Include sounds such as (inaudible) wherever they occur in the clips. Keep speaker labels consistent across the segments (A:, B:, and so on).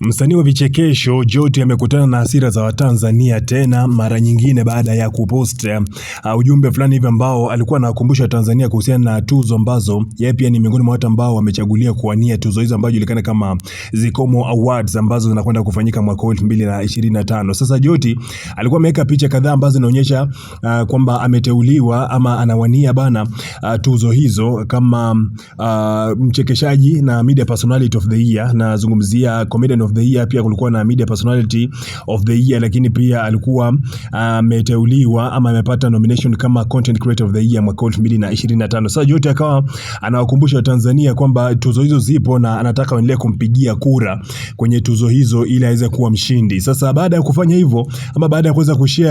A: Msanii wa vichekesho Joti amekutana na hasira za Watanzania tena mara nyingine baada ya kupost uh, ujumbe fulani hivi ambao alikuwa anawakumbusha Tanzania kuhusiana na tuzo ambazo yeye pia ni miongoni mwa watu ambao wamechagulia kuwania tuzo hizo ambazo julikana kama Zikomo Awards ambazo zinakwenda kufanyika mwaka 2025. Sasa Joti alikuwa ameweka picha kadhaa ambazo zinaonyesha uh, kwamba ameteuliwa ama anawania bana uh, tuzo hizo kama uh, mchekeshaji na media personality of the year, na zungumzia comedian of the year, pia kulikuwa na media personality of the year, lakini pia alikuwa ah, ameteuliwa ama amepata nomination kama content creator of the year mwaka 2025. Sasa yote akawa anawakumbusha Tanzania kwamba tuzo hizo zipo na anataka waendelee kumpigia kura kwenye tuzo hizo ili aweze kuwa mshindi. Sasa baada ya kufanya hivyo ama baada ya kuweza kushare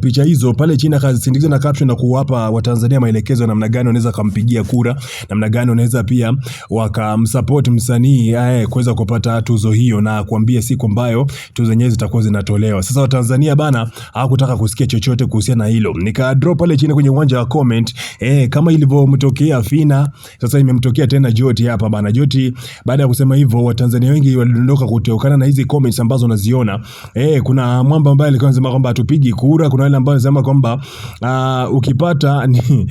A: picha hizo pale chini akasindikiza na caption na kuwapa Watanzania maelekezo namna gani wanaweza kumpigia kura, namna gani wanaweza pia wakamsupport msanii aye eh, kuweza kupata tuzo hiyo, na kuambia siku ambayo tuzo zenyewe zitakuwa zinatolewa. Sasa Watanzania bana hawakutaka kusikia chochote kuhusiana na hilo, nika drop pale chini kwenye uwanja wa comment eh, kama ilivyomtokea Fina, sasa imemtokea tena Joti hapa bana. Joti baada ya kusema hivyo, Watanzania wengi walidondoka kutokana na hizi comments ambazo unaziona eh. Kuna mwamba ambaye alikuwa anasema kwamba atupigi kura kuna wale ambao wanasema kwamba uh, ukipata ni (laughs)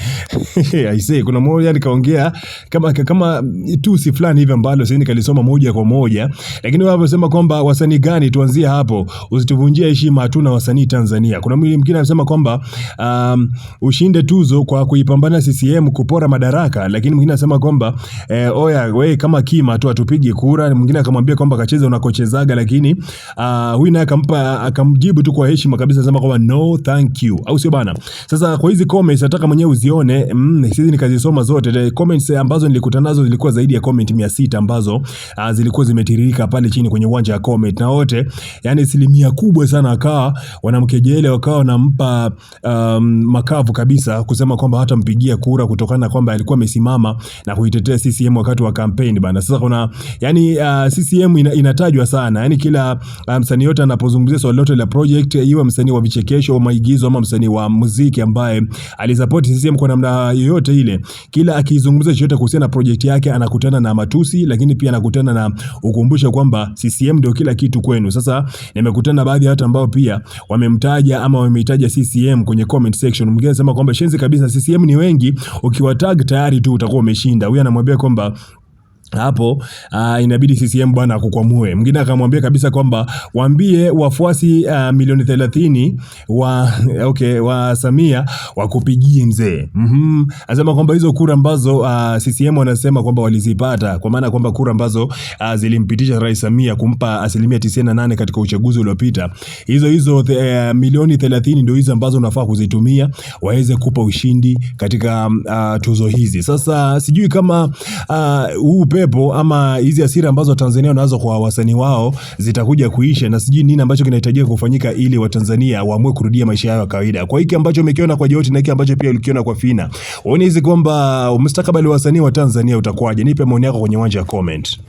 A: I say kuna mmoja nikaongea kama kama tusi fulani hivi ambalo sasa nikalisoma moja kwa moja, lakini wao wanasema kwamba wasanii gani tuanzie hapo, usituvunjie heshima, hatuna wasanii Tanzania. Kuna mwingine anasema kwamba um, ushinde tuzo kwa kuipambana CCM kupora madaraka, lakini mwingine anasema kwamba eh, oya we kama kima tu atupige kura. Mwingine akamwambia kwamba kacheza unakochezaga, lakini uh, huyu naye akampa akamjibu tu kwa heshima kabisa, anasema kwamba no Oh, thank you, au sio bana? Sasa kwa hizi comments nataka mwenyewe uzione mm, sisi nikazisoma zote. The comments ambazo nilikutana nazo zilikuwa zaidi ya comment 600 ambazo uh, zilikuwa zimetiririka pale chini kwenye uwanja wa comment, na wote yani asilimia kubwa sana akawa wanamkejele, wakawa wanampa um, makavu kabisa, kusema kwamba hata mpigia kura kutokana na kwamba alikuwa amesimama na kuitetea CCM wakati wa campaign bana. Sasa kuna yani uh, ah, CCM ina, inatajwa sana yani kila ah, msanii um, yote anapozungumzia swali lote la project, iwe msanii wa vichekesho maigizo ama msanii wa muziki ambaye alisupport CCM kwa namna yoyote ile. Kila akizungumza chochote kuhusiana na project yake anakutana na matusi, lakini pia anakutana na ukumbusho kwamba CCM ndio kila kitu kwenu. Sasa nimekutana na baadhi ya watu ambao pia wamemtaja ama wameitaja CCM kwenye comment section. Mwingine anasema kwamba shenzi kabisa, CCM ni wengi, ukiwatag tayari tu utakuwa umeshinda. Huyu anamwambia kwamba hapo uh, inabidi CCM bwana kukwamue. Mwingine akamwambia kabisa kwamba waambie wafuasi uh, milioni 30 wa okay, wa Samia wakupigie mzee. Mhm. Mm, Anasema kwamba hizo kura ambazo uh, ah, CCM wanasema kwamba walizipata kwa maana kwamba kura ambazo uh, zilimpitisha Rais Samia kumpa asilimia 98 katika uchaguzi uliopita. Hizo hizo uh, milioni 30 ndio hizo ambazo unafaa kuzitumia waweze kupa ushindi katika uh, tuzo hizi. Sasa sijui kama uh, upe kuwepo ama hizi hasira ambazo Tanzania wanazo kwa wasanii wao zitakuja kuisha, na sijui nini ambacho kinahitajika kufanyika ili Watanzania waamue kurudia maisha yao ya kawaida. Kwa hiki ambacho umekiona kwa Joti na hiki ambacho pia ulikiona kwa Fina, uone hizi kwamba mustakabali wa wasanii wa Tanzania utakuwaje? Nipe maoni yako kwenye uwanja wa comment.